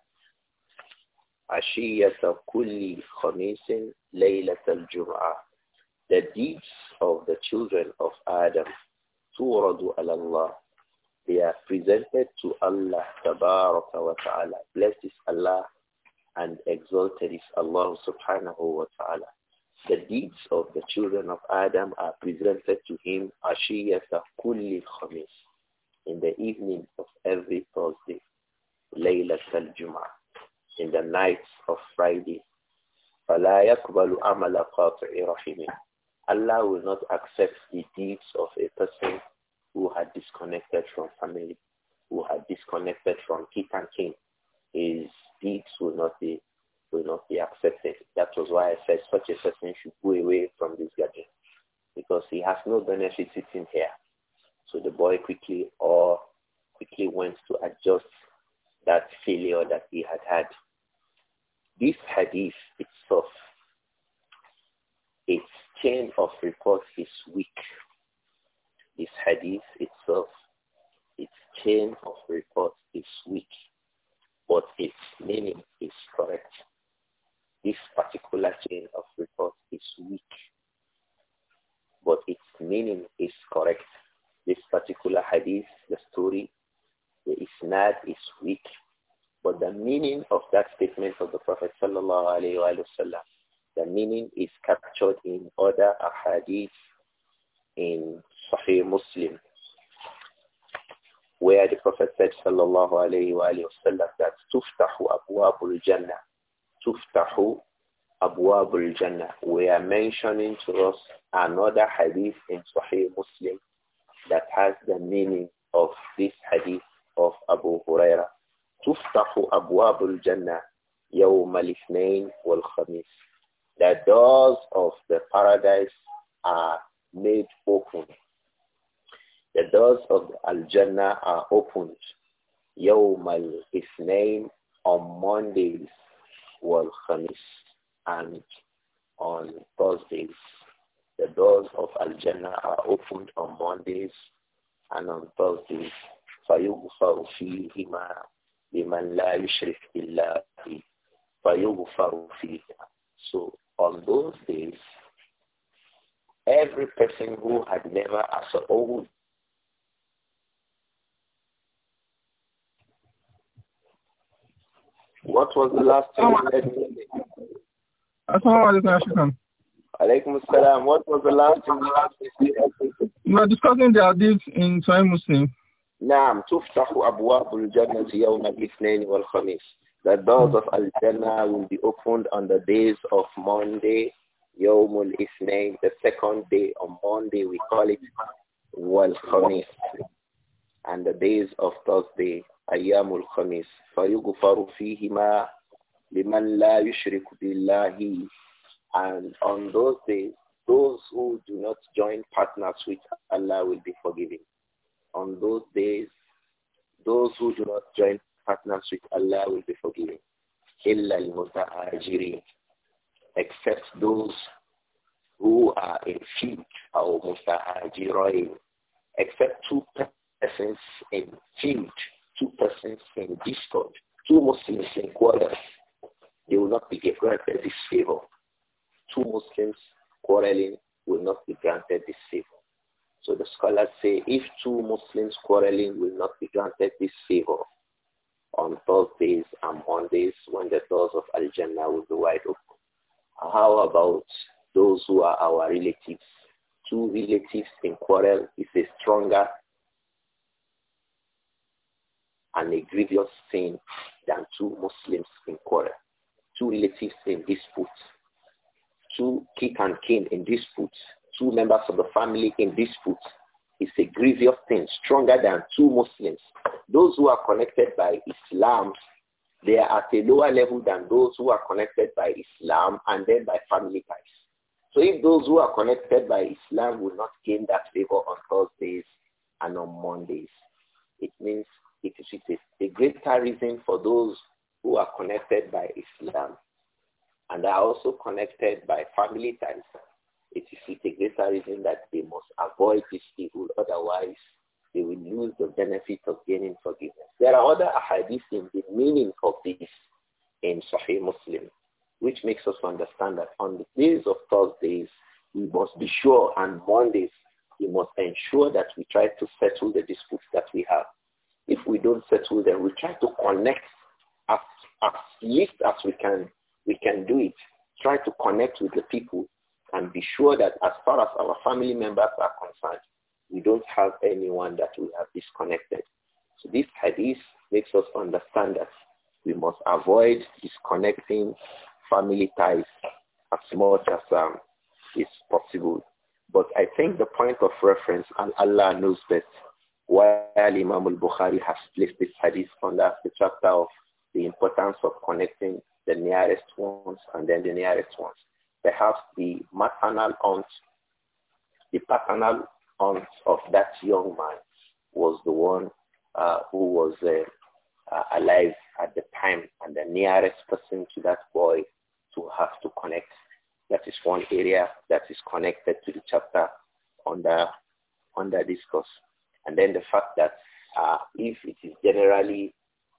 عشية كل خميس ليلة الجمعة The deeds of the children of Adam تورد على الله They are presented to Allah تبارك وتعالى Blessed is Allah and exalted is Allah subhanahu wa ta'ala. The deeds of the children of Adam are presented to him ashiyata kulli khamis in the evening of every Thursday, Layla al-Jum'ah, in the nights of Friday. Allah will not accept the deeds of a person who had disconnected from family, who had disconnected from kith and kin. His deeds will not be will not be accepted. That was why I said such a person should go away from this garden because he has no benefit alayhi wa sallam that tuftahu abwabul jannah. Tuftahu abwabul jannah. We are mentioning to us another hadith in Sahih Muslim that has the meaning of this hadith of Abu Huraira. Tuftahu abwabul jannah yawm al-ithnain wal khamis. The doors of the paradise are made open. The doors of Al-Jannah are opened يوم الاثنين on Mondays والخميس and on Thursdays. The doors of Al-Jannah are opened on Mondays and on Thursdays. فيغفر فيهما لمن لا يشرك بالله فيغفر So on those days, every person who had never, who What was the last thing you read yesterday? Assalamu alaikum, assalam. What was the last thing you read yesterday? We are discussing the hadith in Sahih Muslim. نعم تفتح أبواب الجنة يوم الاثنين والخميس. The doors of Al-Jannah will be opened on the days of Monday, Yawmul Isnain, the second day on Monday, we call it Wal Khamis, and the days of Thursday أيام الخميس فيغفر فيهما لمن لا يشرك بالله and on those days those who do not join partners with Allah will be forgiven on those days those who do not join partners with Allah will be forgiven إلا المتعاجرين except those who are in feet or متعاجرين except two persons in feet two persons in discord, two Muslims in quarrel, they will not be granted this favor. Two Muslims quarreling will not be granted this favor. So the scholars say if two Muslims quarreling will not be granted this favor on Thursdays and Mondays when the doors of Al-Jannah will be wide open, how about those who are our relatives? Two relatives in quarrel is a stronger and a grievous sin than two Muslims in quarrel, two relatives in dispute, two kick and kin in dispute, two members of the family in dispute. It's a grievous thing, stronger than two Muslims. Those who are connected by Islam, they are at a lower level than those who are connected by Islam and then by family ties. So if those who are connected by Islam will not gain that favor on Thursdays and on Mondays, it means it is a greater reason for those who are connected by Islam and are also connected by family ties. It is a greater reason that they must avoid this evil, otherwise they will lose the benefit of gaining forgiveness. There are other ahadith in the meaning of this in Sahih Muslim, which makes us understand that on the days of Thursdays, we must be sure, and Mondays, we must ensure that we try to settle the disputes that we have. If we don't settle them, we try to connect as, as least as we can. We can do it. Try to connect with the people and be sure that as far as our family members are concerned, we don't have anyone that we have disconnected. So this hadith makes us understand that we must avoid disconnecting family ties as much as um, is possible. But I think the point of reference, and Allah knows best, while Imam al-Bukhari has placed this hadith under the chapter of the importance of connecting the nearest ones and then the nearest ones. Perhaps the maternal aunt, the paternal aunt of that young man was the one uh, who was uh, uh, alive at the time and the nearest person to that boy to have to connect. That is one area that is connected to the chapter under, under discourse. And then the fact that uh, if it is generally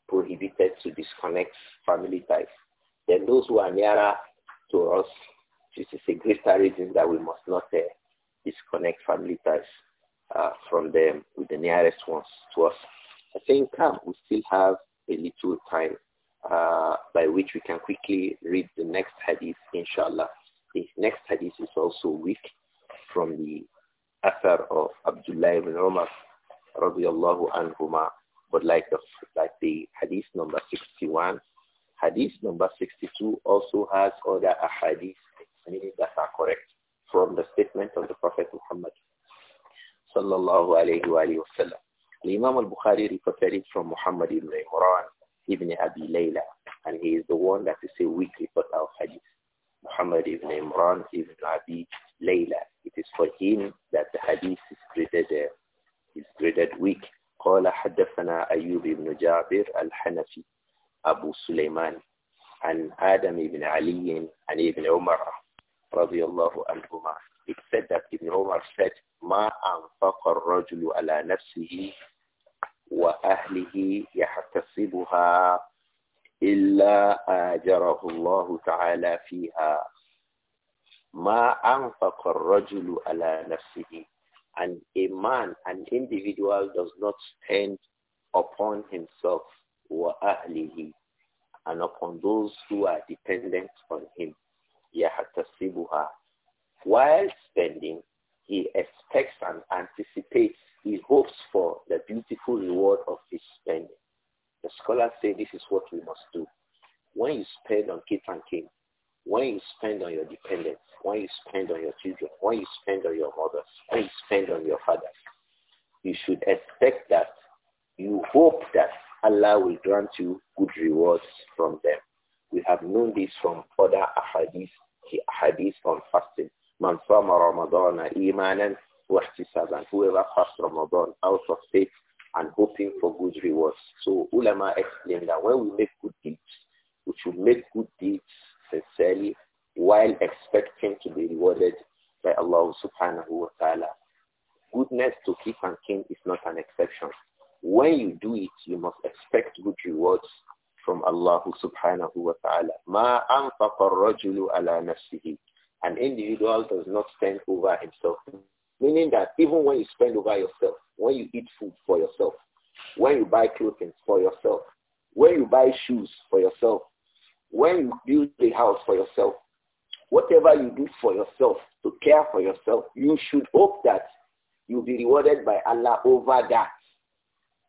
prohibited to disconnect family ties, then those who are nearer to us, this is a greater reason that we must not uh, disconnect family ties uh, from them with the nearest ones to us. I think um, we still have a little time uh, by which we can quickly read the next hadith, inshallah. The next hadith is also weak from the author of Abdullah ibn Umar radiallahu anhuma. But like the, like the hadith number 61, hadith number 62 also has other hadiths. Is that are correct from the statement of the Prophet Muhammad sallallahu alayhi wa sallam. Imam al-Bukhari reported it from Muhammad ibn Imran ibn Abi Layla, and he is the one that is a weekly report of hadith. Muhammad ibn Imran ibn Abi Layla. It is for him that the hadith is created is graded weak. قال حدثنا أيوب بن جابر الحنفي أبو سليمان عن آدم بن علي عن ابن عمر رضي الله عنهما It said that Ibn Umar said ما أنفق الرجل على نفسه وأهله يحتسبها إلا آجره الله تعالى فيها ما أنفق الرجل على نفسه And a man, an individual does not stand upon himself wa ahlihi and upon those who are dependent on him. Yahatasibuha. While spending, he expects and anticipates, he hopes for the beautiful reward of his spending. The scholars say this is what we must do. When you spend on kit and why you spend on your dependents, Why you spend on your children, Why you spend on your mother? Why you spend on your father? you should expect that you hope that Allah will grant you good rewards from them. We have known this from other ahadith, the ahadith on fasting. Man sama Ramadan imanan wahtisaban. Whoever fasts Ramadan out of faith and hoping for good rewards. So ulama explained that when we make good deeds, we should make good deeds sincerely while expecting to be rewarded by Allah subhanahu wa ta'ala. Goodness to keep and King is not an exception. When you do it, you must expect good rewards from Allah subhanahu wa ta'ala. Ma anfaqa rajulu ala nafsihi. An individual does not spend over himself. Meaning that even when you spend over yourself, when you eat food for yourself, when you buy clothing for yourself, when you buy shoes for yourself, when you build a house for yourself, whatever you do for yourself, to care for yourself, you should hope that you'll be rewarded by Allah over that.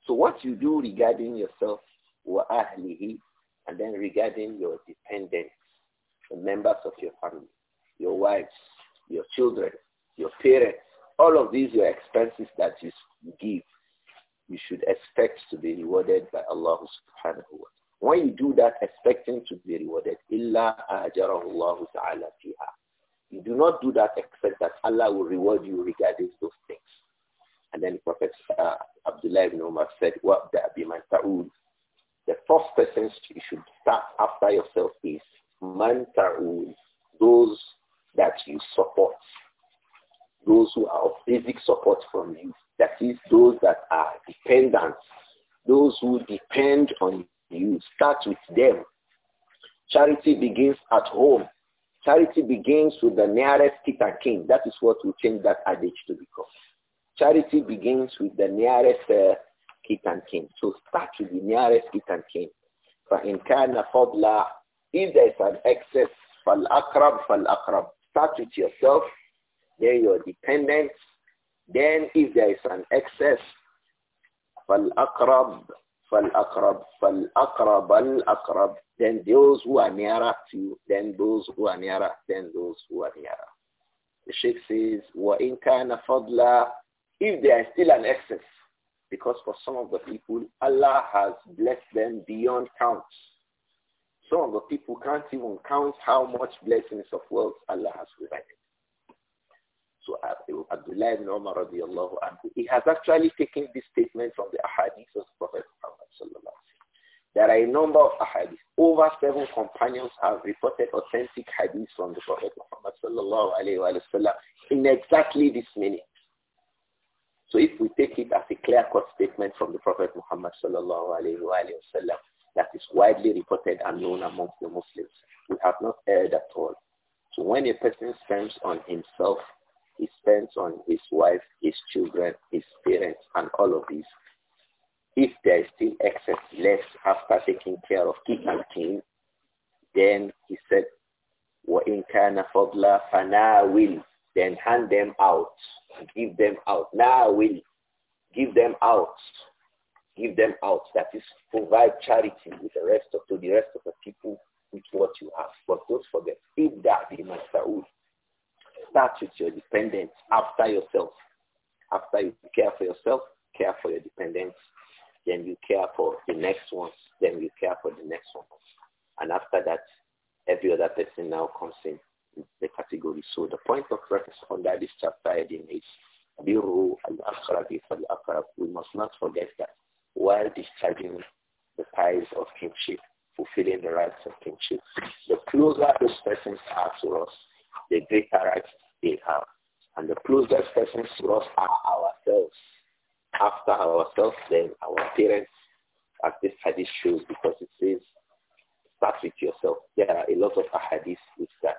So what you do regarding yourself, وَأَهْلِهِ and then regarding your dependents, the members of your family, your wives, your children, your parents, all of these are expenses that you give. You should expect to be rewarded by Allah subhanahu wa ta'ala. When you do that expecting to be rewarded, إِلَّا You do not do that except that Allah will reward you regarding those things. And then the Prophet uh, Abdullah ibn Umar said, what The first person you should start after yourself is man those that you support, those who are of basic support from you. That is, those that are dependent, those who depend on you start with them. Charity begins at home. Charity begins with the nearest kit and kin. That is what we change that adage to become. Charity begins with the nearest uh, kit and kin. So start with the nearest kit and kin. فَإِنْ كَانَ فَضْلًا If there is an excess, فَالْأَقْرَبْ فَالْأَقْرَبْ Start with yourself, then your dependents. Then if there is an excess, فَالْأَقْرَبْ فالأقرب فالأقرب الأقرب then those who are nearer to you, then those who are nearer, then those who are nearer. The Sheikh says, وَإِنْ كَانَ فَضْلًا If there is still an excess, because for some of the people, Allah has blessed them beyond count. Some of the people can't even count how much blessings of wealth Allah has provided. So Abdullah ibn Umar radiallahu anhu, he has actually taken this statement from the ahadith of Prophet Muhammad sallallahu there are a number of ahadith. Over seven companions have reported authentic hadith from the Prophet Muhammad sallallahu alayhi wa sallam in exactly this meaning. So if we take it as a clear-cut statement from the Prophet Muhammad sallallahu alayhi wa sallam that is widely reported and known amongst the Muslims, we have not erred at all. So when a person spends on himself he spends on his wife, his children, his parents, and all of these. If there is still excess left after taking care of king and king, then he said, وَإِنْ كَانَ فَضْلًا will Then hand them out. Give them out. Now will. Give them out. Give them out. That is, provide charity with the rest of, to the rest of the people with what you have. But don't forget, if that be Masterul, start with your dependents after yourself. After you care for yourself, care for your dependents, then you care for the next ones, then you care for the next ones. And after that, every other person now comes in the category. So the point of reference under this chapter heading is Biru and akhrabi for the Akhrab. We must not forget that while discharging the ties of kinship, fulfilling the rights of kinship, the closer those persons are to us, the greater rights closest persons to us are ourselves. After ourselves, then our parents, as this hadith shows, because it says, start with yourself. There are a lot of hadiths with that.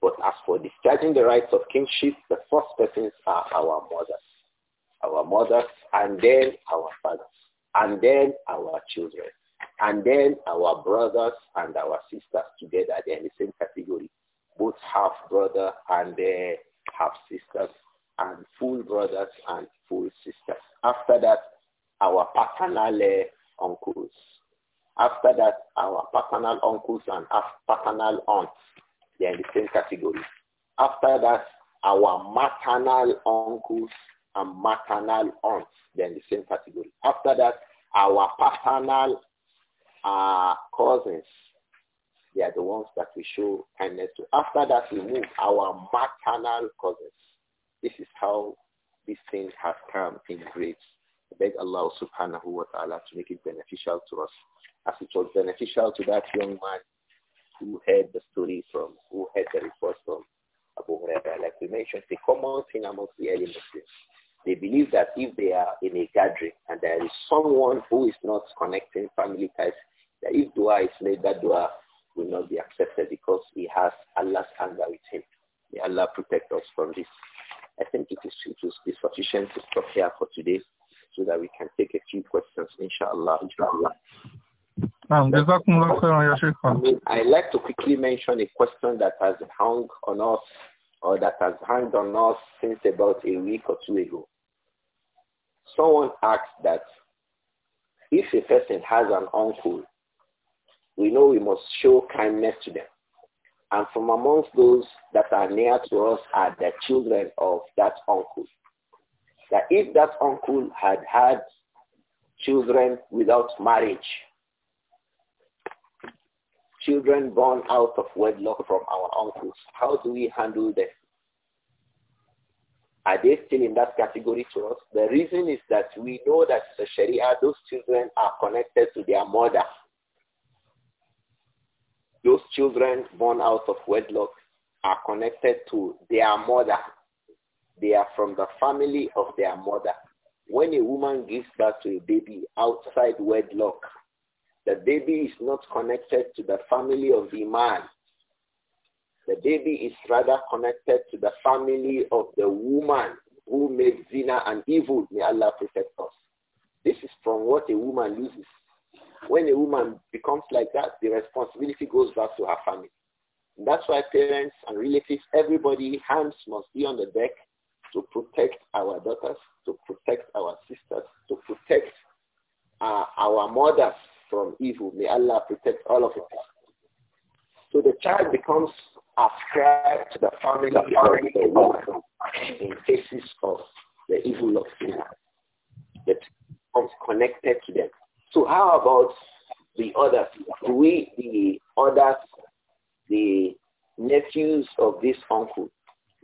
But as for discharging the rights of kinship, the first persons are our mothers. Our mothers, and then our fathers, and then our children, and then our brothers and our sisters together. They're in the same category. Both half brother and their brothers and full sisters. After that, our paternal eh, uncles. After that, our paternal uncles and paternal aunts. They are in the same category. After that, our maternal uncles and maternal aunts. They are in the same category. After that, our paternal uh, cousins. They are the ones that we show kindness to. After that, we move our maternal cousins. in Beg Allah subhanahu wa ta'ala to make it beneficial to us as it was beneficial to that young man who heard the story from, who heard the report from Abu Hurairah. Like we mentioned, the common thing amongst the early Muslims, they believe that if they are in a gathering and there is someone who is not connecting family ties, that if dua is made, that dua will not be accepted because he has Allah's anger with him. May Allah protect us from this sufficient to stop here for today so that we can take a few questions, inshallah. inshallah. I'd like to quickly mention a question that has hung on us or that has hung on us since about a week or two ago. Someone asked that if a person has an uncle, we know we must show kindness to them. And from amongst those that are near to us are the children of that uncle that if that uncle had had children without marriage, children born out of wedlock from our uncles, how do we handle them? Are they still in that category to us? The reason is that we know that the Sharia, those children are connected to their mother. Those children born out of wedlock are connected to their mother they are from the family of their mother. When a woman gives birth to a baby outside wedlock, the baby is not connected to the family of the man. The baby is rather connected to the family of the woman who made zina and evil. May Allah protect us. This is from what a woman loses. When a woman becomes like that, the responsibility goes back to her family. And that's why parents and relatives, everybody, hands must be on the deck to protect our daughters, to protect our sisters, to protect uh, our mothers from evil. May Allah protect all of us. So the child becomes ascribed to the family of the woman in cases of the evil of sin that becomes connected to them. So how about the others? Do we, the others, the nephews of this uncle,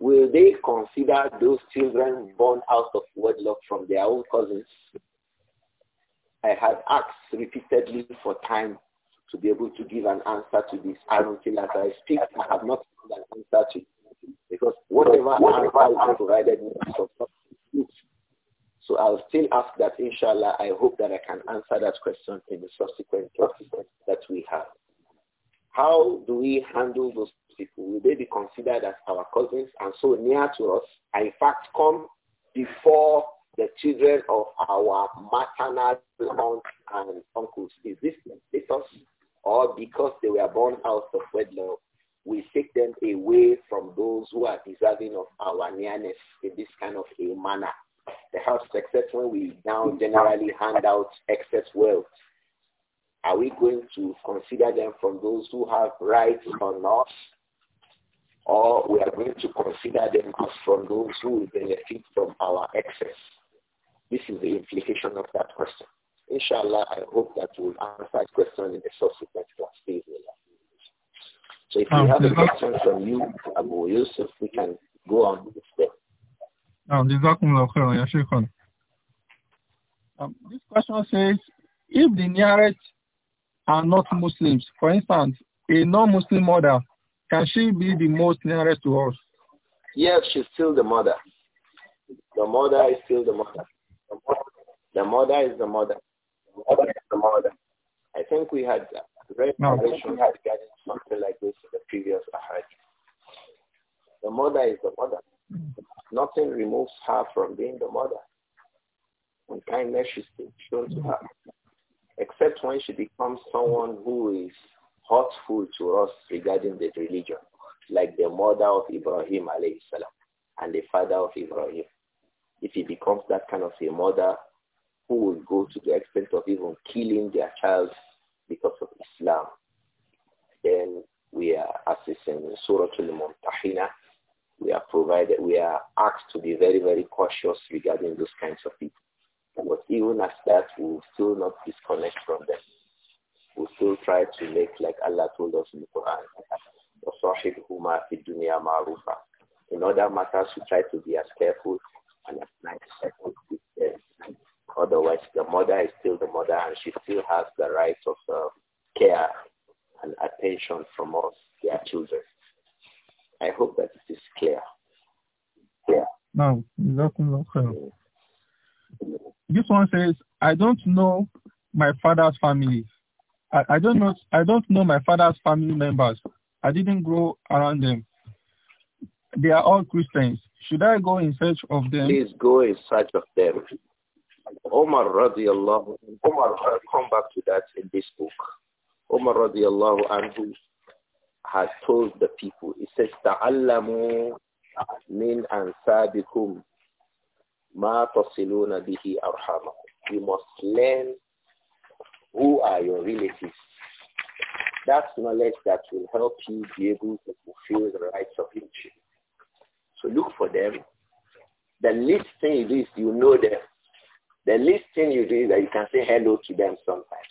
will they consider those children born out of wedlock from their own cousins? I had asked repeatedly for time to be able to give an answer to this. I don't feel as I speak, I have not found an answer to it. Because whatever answer is provided me is So I'll still ask that, inshallah, I hope that I can answer that question in the subsequent process that we have. How do we handle those people, will they be considered as our cousins and so near to us, and in fact come before the children of our maternal aunts and uncles? Is this status? Or because they were born out of wedlock, we take them away from those who are deserving of our nearness in this kind of a manner. Perhaps except when we now generally hand out excess wealth are we going to consider them from those who have rights on us or we are going to consider them as from those who benefit from our excess. This is the implication of that question. Inshallah, I hope that we'll answer that question in the subsequent class. So if you um, have a question from you, Abu Yusuf, we can go on with them. Um, um, this question says, if the nearest are not Muslims, for instance, a non-Muslim mother can she be the most nearest to us? Yes, she's still the mother. The mother is still the mother. The mother is the mother. The mother is the mother. I think we had uh, read no. something like this in the previous ahad. The mother is the mother. Nothing removes her from being the mother. And kindness is shown to her. Except when she becomes someone who is hurtful to us regarding the religion, like the mother of Ibrahim alayhi salam and the father of Ibrahim. If he becomes that kind of a mother who will go to the extent of even killing their child because of Islam, then we are, as is in Surah Al-Mumtahina, we are provided, we are asked to be very, very cautious regarding those kinds of people. But even as that, we will still not disconnect from them we still try to make like Allah told us in the Quran. In other matters, we try to be as careful and as nice as we can. Otherwise, the mother is still the mother and she still has the right of uh, care and attention from us, their children. I hope that it is clear. Yeah. No, This one says, I don't know my father's family. I, I don't know. I don't know my father's family members. I didn't grow around them. They are all Christians. Should I go in search of them? Please go in search of them. Omar radiallahu Omar, will come back to that in this book. Omar radiallahu anhu has told the people, he says, ta'allamu min ansabikum ma tasiluna bihi arhamakum. You must learn who are your relatives? That's knowledge that will help you be able to fulfill the rights of each. So look for them. The least thing is you know them. The least thing you do is that you can say hello to them sometimes.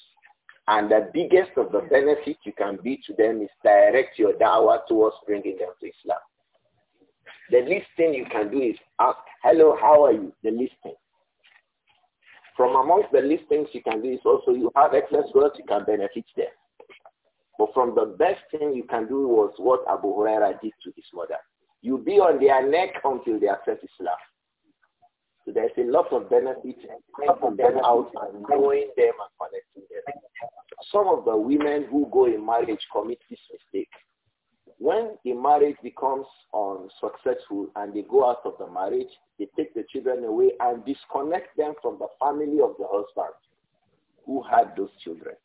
And the biggest of the benefit you can be to them is direct your da'wah towards bringing them to Islam. The least thing you can do is ask, hello, how are you? The least thing. From amongst the least things you can do is also you have excess wealth, you can benefit them. But from the best thing you can do was what Abu Huraira did to his mother. You be on their neck until their they is Islam. So there's a lot of benefit helping them out and knowing them and connecting them. Some of the women who go in marriage commit this mistake. When the marriage becomes unsuccessful and they go out of the marriage, they take the children away and disconnect them from the family of the husband who had those children.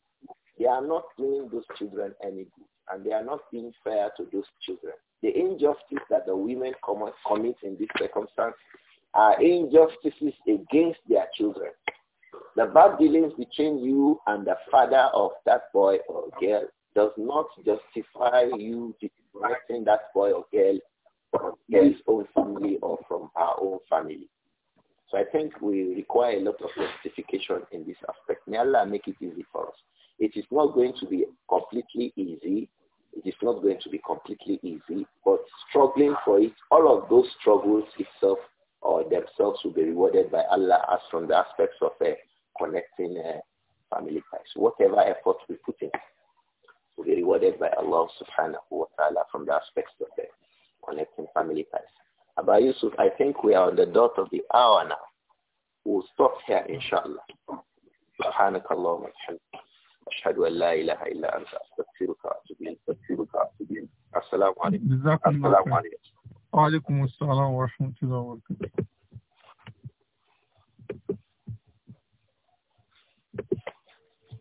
They are not doing those children any good and they are not being fair to those children. The injustice that the women commit in this circumstance are injustices against their children. The bad dealings between you and the father of that boy or girl does not justify you protecting that boy or girl from his own family or from our own family. So I think we require a lot of justification in this aspect. May Allah make it easy for us. It is not going to be completely easy. It is not going to be completely easy, but struggling for it, all of those struggles itself or themselves will be rewarded by Allah as from the aspects of uh, connecting uh, family ties. Whatever effort we put in, will be rewarded by Allah subhanahu wa ta'ala from the aspects of the connecting family ties. Abba Yusuf, I think we are on the dot of the hour now. We'll stop here, inshallah. سبحانك اللهم وبحمدك أشهد أن لا إله إلا أنت أستغفرك وأتوب إليك أستغفرك وأتوب إليك السلام عليكم السلام عليكم وعليكم السلام ورحمة الله وبركاته